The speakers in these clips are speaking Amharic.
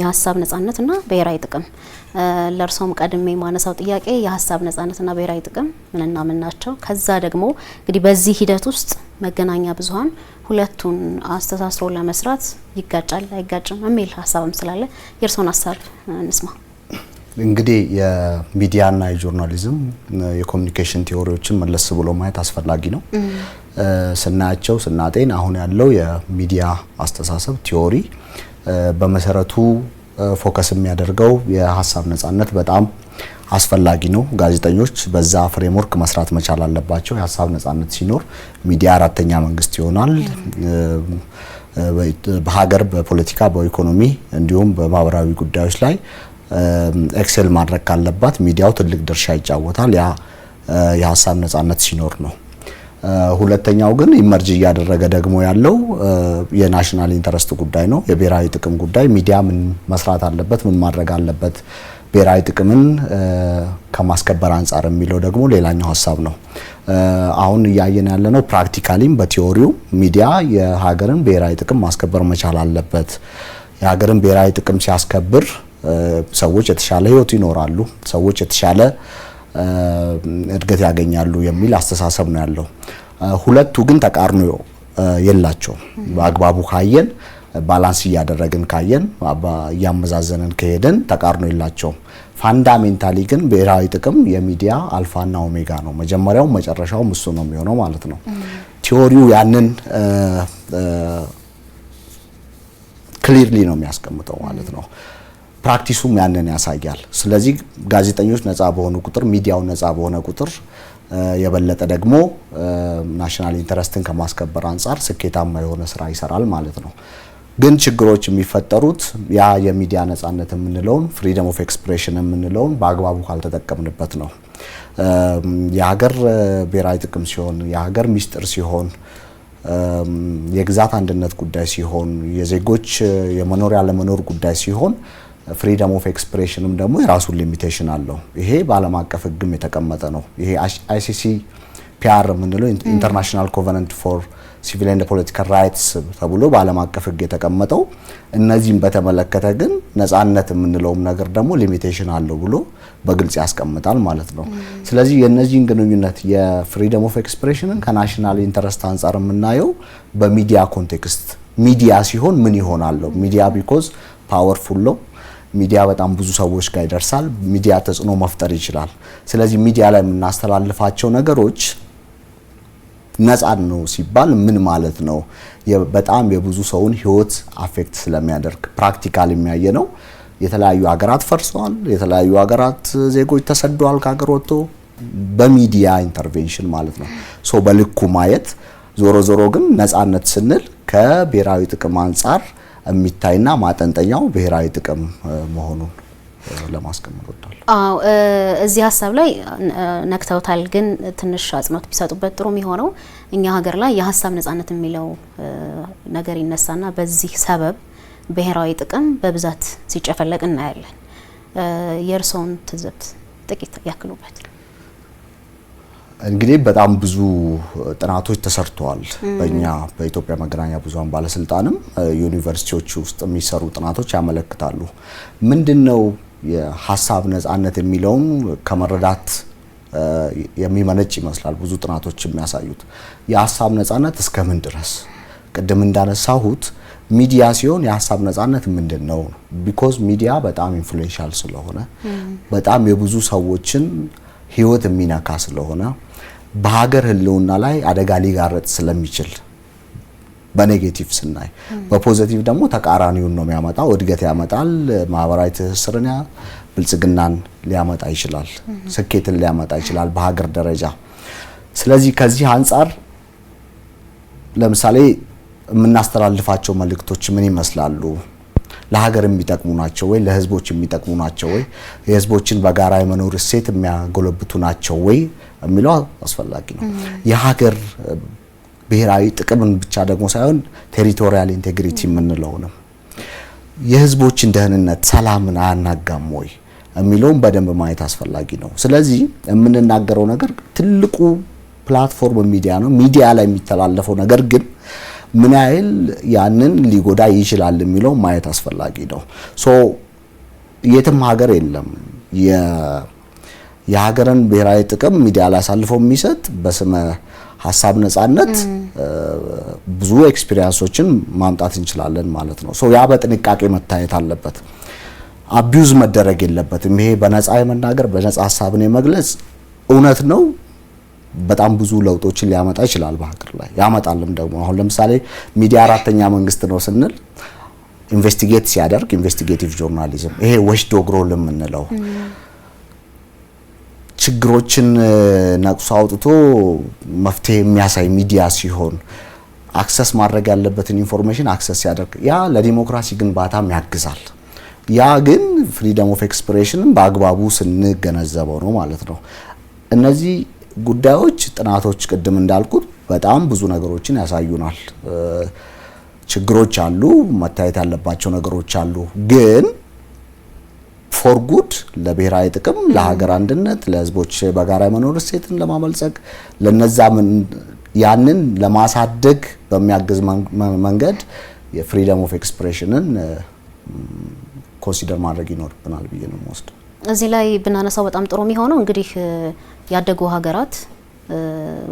የሀሳብ ነጻነትና ብሔራዊ ጥቅም ለእርሶም ቀድሜ የማነሳው ጥያቄ የሀሳብ ነጻነትና ብሔራዊ ጥቅም ምንና ምን ናቸው? ከዛ ደግሞ እንግዲህ በዚህ ሂደት ውስጥ መገናኛ ብዙኃን ሁለቱን አስተሳስሮ ለመስራት ይጋጫል አይጋጭም የሚል ሀሳብም ስላለ የእርሶን ሀሳብ እንስማ። እንግዲህ የሚዲያና የጆርናሊዝም የኮሚኒኬሽን ቴዎሪዎችን መለስ ብሎ ማየት አስፈላጊ ነው። ስናያቸው ስናጤን አሁን ያለው የሚዲያ አስተሳሰብ ቴዎሪ በመሰረቱ ፎከስ የሚያደርገው የሀሳብ ነጻነት በጣም አስፈላጊ ነው። ጋዜጠኞች በዛ ፍሬምወርክ መስራት መቻል አለባቸው። የሀሳብ ነጻነት ሲኖር ሚዲያ አራተኛ መንግስት ይሆናል። በሀገር በፖለቲካ በኢኮኖሚ እንዲሁም በማህበራዊ ጉዳዮች ላይ ኤክሴል ማድረግ ካለባት ሚዲያው ትልቅ ድርሻ ይጫወታል። ያ የሀሳብ ነጻነት ሲኖር ነው። ሁለተኛው ግን ኢመርጅ እያደረገ ደግሞ ያለው የናሽናል ኢንተረስት ጉዳይ ነው፣ የብሔራዊ ጥቅም ጉዳይ። ሚዲያ ምን መስራት አለበት፣ ምን ማድረግ አለበት፣ ብሔራዊ ጥቅምን ከማስከበር አንጻር የሚለው ደግሞ ሌላኛው ሀሳብ ነው። አሁን እያየን ነው። ፕራክቲካሊም በቲዎሪው ሚዲያ የሀገርን ብሔራዊ ጥቅም ማስከበር መቻል አለበት። የሀገርን ብሔራዊ ጥቅም ሲያስከብር ሰዎች የተሻለ ህይወት ይኖራሉ። ሰዎች የተሻለ እድገት ያገኛሉ የሚል አስተሳሰብ ነው ያለው። ሁለቱ ግን ተቃርኖ የላቸውም። በአግባቡ ካየን፣ ባላንስ እያደረግን ካየን፣ እያመዛዘንን ከሄድን ተቃርኖ የላቸውም። ፋንዳሜንታሊ ግን ብሔራዊ ጥቅም የሚዲያ አልፋና ኦሜጋ ነው። መጀመሪያው መጨረሻውም እሱ ነው የሚሆነው ማለት ነው። ቲዎሪው ያንን ክሊርሊ ነው የሚያስቀምጠው ማለት ነው። ፕራክቲሱም ያንን ያሳያል። ስለዚህ ጋዜጠኞች ነፃ በሆኑ ቁጥር፣ ሚዲያው ነፃ በሆነ ቁጥር የበለጠ ደግሞ ናሽናል ኢንተረስትን ከማስከበር አንጻር ስኬታማ የሆነ ስራ ይሰራል ማለት ነው። ግን ችግሮች የሚፈጠሩት ያ የሚዲያ ነጻነት የምንለውን ፍሪደም ኦፍ ኤክስፕሬሽን የምንለውን በአግባቡ ካልተጠቀምንበት ነው። የሀገር ብሔራዊ ጥቅም ሲሆን፣ የሀገር ሚስጥር ሲሆን፣ የግዛት አንድነት ጉዳይ ሲሆን፣ የዜጎች የመኖር ያለመኖር ጉዳይ ሲሆን ፍሪደም ኦፍ ኤክስፕሬሽንም ደግሞ የራሱን ሊሚቴሽን አለው። ይሄ በዓለም አቀፍ ሕግም የተቀመጠ ነው። ይሄ አይሲሲ ፒአር የምንለው ኢንተርናሽናል ኮቨነንት ፎር ሲቪል ኤንድ ፖለቲካል ራይትስ ተብሎ በዓለም አቀፍ ሕግ የተቀመጠው እነዚህም በተመለከተ ግን ነጻነት የምንለውም ነገር ደግሞ ሊሚቴሽን አለው ብሎ በግልጽ ያስቀምጣል ማለት ነው። ስለዚህ የእነዚህን ግንኙነት የፍሪደም ኦፍ ኤክስፕሬሽንን ከናሽናል ኢንተረስት አንጻር የምናየው በሚዲያ ኮንቴክስት ሚዲያ ሲሆን ምን ይሆናለው? ሚዲያ ቢኮዝ ፓወርፉል ነው ሚዲያ በጣም ብዙ ሰዎች ጋር ይደርሳል። ሚዲያ ተጽዕኖ መፍጠር ይችላል። ስለዚህ ሚዲያ ላይ የምናስተላልፋቸው ነገሮች ነጻ ነው ሲባል ምን ማለት ነው? በጣም የብዙ ሰውን ህይወት አፌክት ስለሚያደርግ ፕራክቲካል የሚያየ ነው። የተለያዩ ሀገራት ፈርሰዋል። የተለያዩ ሀገራት ዜጎች ተሰደዋል ከሀገር ወጥቶ በሚዲያ ኢንተርቬንሽን ማለት ነው። ሶ በልኩ ማየት ዞሮ ዞሮ ግን ነጻነት ስንል ከብሔራዊ ጥቅም አንጻር የሚታይና ማጠንጠኛው ብሔራዊ ጥቅም መሆኑን ለማስቀመጥ ወጥቷል። አዎ እዚህ ሀሳብ ላይ ነክተውታል፣ ግን ትንሽ አጽንኦት ቢሰጡበት ጥሩ የሚሆነው እኛ ሀገር ላይ የሀሳብ ነጻነት የሚለው ነገር ይነሳና በዚህ ሰበብ ብሔራዊ ጥቅም በብዛት ሲጨፈለቅ እናያለን። የእርስዎን ትዝብት ጥቂት ያክሉበት። እንግዲህ በጣም ብዙ ጥናቶች ተሰርተዋል። በእኛ በኢትዮጵያ መገናኛ ብዙኃን ባለስልጣንም ዩኒቨርሲቲዎች ውስጥ የሚሰሩ ጥናቶች ያመለክታሉ። ምንድነው የሀሳብ ነጻነት የሚለውን ከመረዳት የሚመነጭ ይመስላል። ብዙ ጥናቶች የሚያሳዩት የሀሳብ ነጻነት እስከምን ድረስ ቅድም እንዳነሳሁት ሚዲያ ሲሆን የሀሳብ ነጻነት ምንድን ነው? ቢኮዝ ሚዲያ በጣም ኢንፍሉዌንሻል ስለሆነ በጣም የብዙ ሰዎችን ህይወት የሚነካ ስለሆነ በሀገር ህልውና ላይ አደጋ ሊጋረጥ ስለሚችል በኔጌቲቭ ስናይ፣ በፖዘቲቭ ደግሞ ተቃራኒውን ነው የሚያመጣው። እድገት ያመጣል፣ ማህበራዊ ትስስርን፣ ብልጽግናን ሊያመጣ ይችላል፣ ስኬትን ሊያመጣ ይችላል በሀገር ደረጃ። ስለዚህ ከዚህ አንጻር ለምሳሌ የምናስተላልፋቸው መልእክቶች ምን ይመስላሉ? ለሀገር የሚጠቅሙ ናቸው ወይ፣ ለህዝቦች የሚጠቅሙ ናቸው ወይ፣ የህዝቦችን በጋራ የመኖር እሴት የሚያጎለብቱ ናቸው ወይ የሚለው አስፈላጊ ነው። የሀገር ብሔራዊ ጥቅምን ብቻ ደግሞ ሳይሆን ቴሪቶሪያል ኢንቴግሪቲ የምንለውንም የህዝቦችን ደህንነት ሰላምን አያናጋም ወይ የሚለውም በደንብ ማየት አስፈላጊ ነው። ስለዚህ የምንናገረው ነገር ትልቁ ፕላትፎርም ሚዲያ ነው። ሚዲያ ላይ የሚተላለፈው ነገር ግን ምን ያህል ያንን ሊጎዳ ይችላል የሚለው ማየት አስፈላጊ ነው። ሶ የትም ሀገር የለም የሀገርን ብሔራዊ ጥቅም ሚዲያ ላይ አሳልፈው የሚሰጥ በስመ ሀሳብ ነጻነት ብዙ ኤክስፒሪየንሶችን ማምጣት እንችላለን ማለት ነው። ሶ ያ በጥንቃቄ መታየት አለበት። አቢዩዝ መደረግ የለበትም። ይሄ በነጻ የመናገር በነጻ ሀሳብን የመግለጽ እውነት ነው በጣም ብዙ ለውጦችን ሊያመጣ ይችላል በሀገር ላይ ያመጣልም። ደግሞ አሁን ለምሳሌ ሚዲያ አራተኛ መንግስት ነው ስንል ኢንቨስቲጌት ሲያደርግ ኢንቨስቲጌቲቭ ጆርናሊዝም ይሄ ወሽ ዶግሮ የምንለው ችግሮችን ነቅሶ አውጥቶ መፍትሄ የሚያሳይ ሚዲያ ሲሆን አክሰስ ማድረግ ያለበትን ኢንፎርሜሽን አክሰስ ያደርግ ያ ለዲሞክራሲ ግንባታም ያግዛል። ያ ግን ፍሪደም ኦፍ ኤክስፕሬሽንን በአግባቡ ስንገነዘበው ነው ማለት ነው እነዚህ ጉዳዮች ጥናቶች ቅድም እንዳልኩት በጣም ብዙ ነገሮችን ያሳዩናል። ችግሮች አሉ፣ መታየት ያለባቸው ነገሮች አሉ። ግን ፎር ጉድ ለብሔራዊ ጥቅም፣ ለሀገር አንድነት፣ ለህዝቦች በጋራ የመኖር እሴትን ለማበልጸግ ለነዛ ያንን ለማሳደግ በሚያግዝ መንገድ የፍሪደም ኦፍ ኤክስፕሬሽንን ኮንሲደር ማድረግ ይኖርብናል ብዬ ነው የምወስደው። እዚህ ላይ ብናነሳው በጣም ጥሩ የሚሆነው እንግዲህ ያደጉ ሀገራት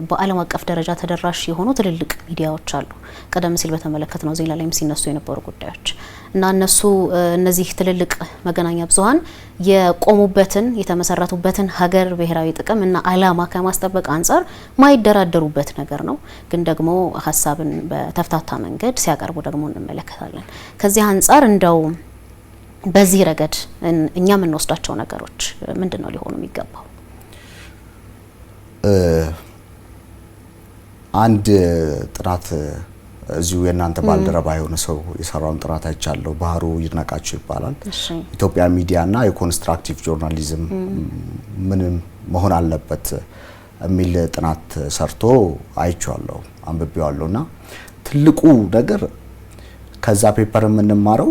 በዓለም አቀፍ ደረጃ ተደራሽ የሆኑ ትልልቅ ሚዲያዎች አሉ። ቀደም ሲል በተመለከት ነው ዜና ላይም ሲነሱ የነበሩ ጉዳዮች እና እነሱ እነዚህ ትልልቅ መገናኛ ብዙኃን የቆሙበትን የተመሰረቱበትን ሀገር ብሔራዊ ጥቅም እና ዓላማ ከማስጠበቅ አንጻር ማይደራደሩበት ነገር ነው። ግን ደግሞ ሀሳብን በተፍታታ መንገድ ሲያቀርቡ ደግሞ እንመለከታለን። ከዚህ አንጻር እንደው በዚህ ረገድ እኛ የምንወስዳቸው ነገሮች ምንድን ነው ሊሆኑ የሚገባው? አንድ ጥናት እዚሁ የእናንተ ባልደረባ የሆነ ሰው የሰራውን ጥናት አይቻለሁ። ባህሩ ይድነቃቸው ይባላል። ኢትዮጵያ ሚዲያና የኮንስትራክቲቭ ጆርናሊዝም ምንም መሆን አለበት የሚል ጥናት ሰርቶ አይቼዋለሁ፣ አንብቤዋለሁ። እና ትልቁ ነገር ከዛ ፔፐር የምንማረው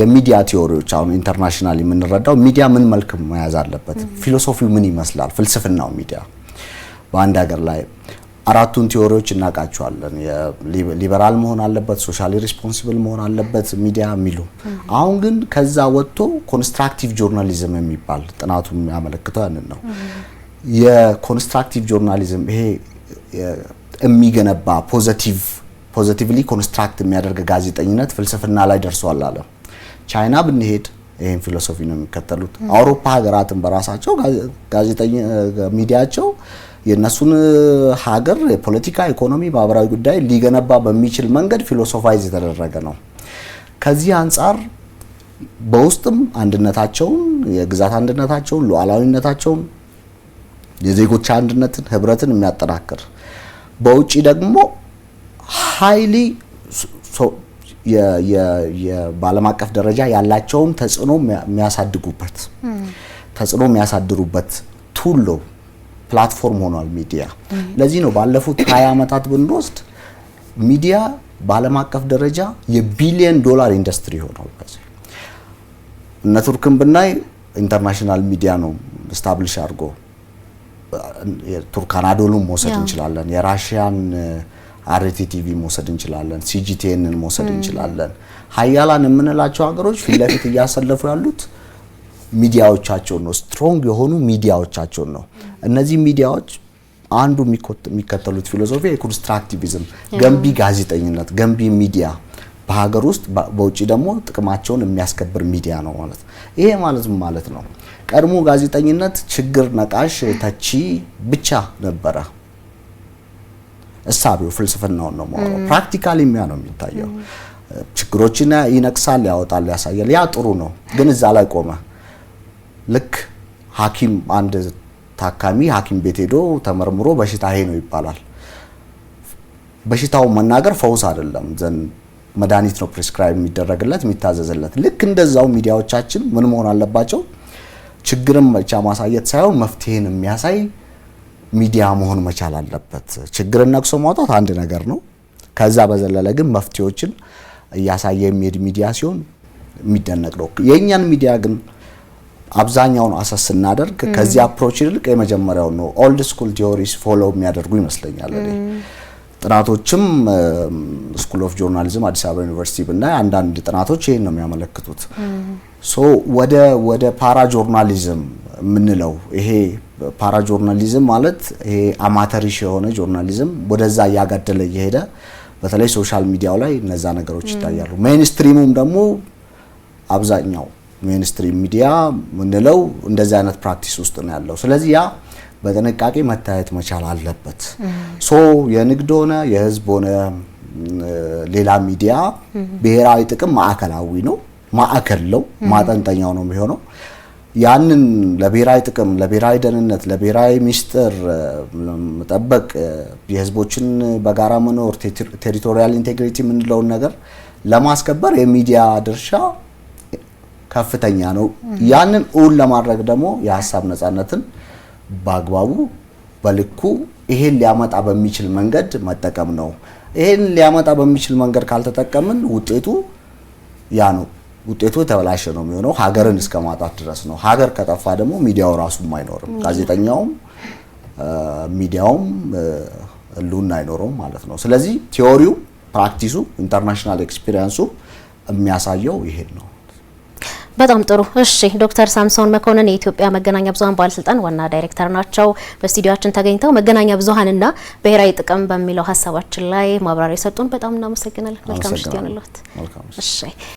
የሚዲያ ቲዎሪዎች አሁን ኢንተርናሽናል የምንረዳው ሚዲያ ምን መልክ መያዝ አለበት፣ ፊሎሶፊው ምን ይመስላል፣ ፍልስፍናው ሚዲያ በአንድ ሀገር ላይ አራቱን ቲዎሪዎች እናውቃቸዋለን። ሊበራል መሆን አለበት፣ ሶሻሊ ሪስፖንሲብል መሆን አለበት ሚዲያ የሚሉ አሁን ግን ከዛ ወጥቶ ኮንስትራክቲቭ ጆርናሊዝም የሚባል ጥናቱ የሚያመለክተው ያንን ነው። የኮንስትራክቲቭ ጆርናሊዝም ይሄ የሚገነባ ፖዘቲቭ ፖዘቲቭሊ ኮንስትራክት የሚያደርግ ጋዜጠኝነት ፍልስፍና ላይ ደርሷል አለ። ቻይና ብንሄድ ይህን ፊሎሶፊ ነው የሚከተሉት። አውሮፓ ሀገራትን በራሳቸው ጋዜጠኛ ሚዲያቸው የእነሱን ሀገር የፖለቲካ ኢኮኖሚ፣ ማህበራዊ ጉዳይ ሊገነባ በሚችል መንገድ ፊሎሶፋይዝ የተደረገ ነው። ከዚህ አንጻር በውስጥም አንድነታቸውን፣ የግዛት አንድነታቸውን፣ ሉዓላዊነታቸውን፣ የዜጎች አንድነትን፣ ህብረትን የሚያጠናክር በውጭ ደግሞ ሀይሊ በዓለም አቀፍ ደረጃ ያላቸውን ተጽዕኖ የሚያሳድጉበት ተጽዕኖ የሚያሳድሩበት ቱሎ ፕላትፎርም ሆኗል ሚዲያ። ለዚህ ነው ባለፉት 20 ዓመታት ብንወስድ ሚዲያ በዓለም አቀፍ ደረጃ የቢሊየን ዶላር ኢንዱስትሪ ሆኗል። እነ ቱርክን ብናይ ኢንተርናሽናል ሚዲያ ነው ስታብሊሽ አድርጎ ቱርክ አናዶሉም መውሰድ እንችላለን የራሽያን አርቲ ቲቪ መውሰድ እንችላለን፣ ሲጂቲኤንን መውሰድ እንችላለን። ሀያላን የምንላቸው ሀገሮች ፊት ለፊት እያሰለፉ ያሉት ሚዲያዎቻቸውን ነው፣ ስትሮንግ የሆኑ ሚዲያዎቻቸውን ነው። እነዚህ ሚዲያዎች አንዱ የሚከተሉት ፊሎሶፊ የኮንስትራክቲቪዝም ገንቢ ጋዜጠኝነት፣ ገንቢ ሚዲያ በሀገር ውስጥ በውጭ ደግሞ ጥቅማቸውን የሚያስከብር ሚዲያ ነው ማለት ይሄ ማለት ማለት ነው። ቀድሞ ጋዜጠኝነት ችግር ነቃሽ ተቺ ብቻ ነበረ። እሳቤው ፍልስፍናውን ነው የማወራው። ፕራክቲካሊ የሚያ ነው የሚታየው። ችግሮችን ይነቅሳል፣ ያወጣል፣ ያሳያል። ያ ጥሩ ነው፣ ግን እዛ ላይ ቆመ። ልክ ሐኪም አንድ ታካሚ ሐኪም ቤት ሄዶ ተመርምሮ በሽታ ይሄ ነው ይባላል። በሽታው መናገር ፈውስ አይደለም ዘን መድኃኒት ነው ፕሪስክራይብ የሚደረግለት የሚታዘዝለት። ልክ እንደዛው ሚዲያዎቻችን ምን መሆን አለባቸው? ችግርን ብቻ ማሳየት ሳይሆን መፍትሄን የሚያሳይ ሚዲያ መሆን መቻል አለበት። ችግርን ነቅሶ ማውጣት አንድ ነገር ነው። ከዛ በዘለለ ግን መፍትሄዎችን እያሳየ የሚሄድ ሚዲያ ሲሆን የሚደነቅ ነው። የእኛን ሚዲያ ግን አብዛኛውን አሰስ ስናደርግ ከዚህ አፕሮች ይልቅ የመጀመሪያው ነው። ኦልድ ስኩል ቲዎሪስ ፎሎ የሚያደርጉ ይመስለኛል። ጥናቶችም ስኩል ኦፍ ጆርናሊዝም አዲስ አበባ ዩኒቨርሲቲ ብና አንዳንድ ጥናቶች ይህን ነው የሚያመለክቱት። ሶ ወደ ወደ ፓራ ጆርናሊዝም የምንለው ይሄ ፓራ ጆርናሊዝም ማለት ይሄ አማተሪሽ የሆነ ጆርናሊዝም ወደዛ እያጋደለ እየሄደ በተለይ ሶሻል ሚዲያው ላይ እነዛ ነገሮች ይታያሉ። ሜንስትሪሙም ደግሞ አብዛኛው ሜንስትሪም ሚዲያ ምንለው እንደዚህ አይነት ፕራክቲስ ውስጥ ነው ያለው። ስለዚህ ያ በጥንቃቄ መታየት መቻል አለበት። ሶ የንግድ ሆነ የህዝብ ሆነ ሌላ ሚዲያ ብሔራዊ ጥቅም ማዕከላዊ ነው፣ ማዕከል ነው፣ ማጠንጠኛው ነው የሚሆነው ያንን ለብሔራዊ ጥቅም፣ ለብሔራዊ ደህንነት፣ ለብሔራዊ ሚስጥር መጠበቅ የህዝቦችን በጋራ መኖር ቴሪቶሪያል ኢንቴግሪቲ የምንለውን ነገር ለማስከበር የሚዲያ ድርሻ ከፍተኛ ነው። ያንን እውን ለማድረግ ደግሞ የሀሳብ ነጻነትን በአግባቡ በልኩ ይሄን ሊያመጣ በሚችል መንገድ መጠቀም ነው። ይሄን ሊያመጣ በሚችል መንገድ ካልተጠቀምን ውጤቱ ያ ነው። ውጤቱ የተበላሸ ነው የሚሆነው። ሀገርን እስከ ማጣት ድረስ ነው። ሀገር ከጠፋ ደግሞ ሚዲያው ራሱም አይኖርም፣ ጋዜጠኛውም ሚዲያውም ህልውና አይኖረውም ማለት ነው። ስለዚህ ቲዎሪው፣ ፕራክቲሱ፣ ኢንተርናሽናል ኤክስፒሪየንሱ የሚያሳየው ይሄን ነው። በጣም ጥሩ። እሺ ዶክተር ሳምሶን መኮንን የኢትዮጵያ መገናኛ ብዙሀን ባለስልጣን ዋና ዳይሬክተር ናቸው። በስቱዲዮችን ተገኝተው መገናኛ ና ብሔራዊ ጥቅም በሚለው ሀሳባችን ላይ ማብራሪያ የሰጡን በጣም እናመሰግናለን። መልካም ምሽት ይሁንልዎት። እሺ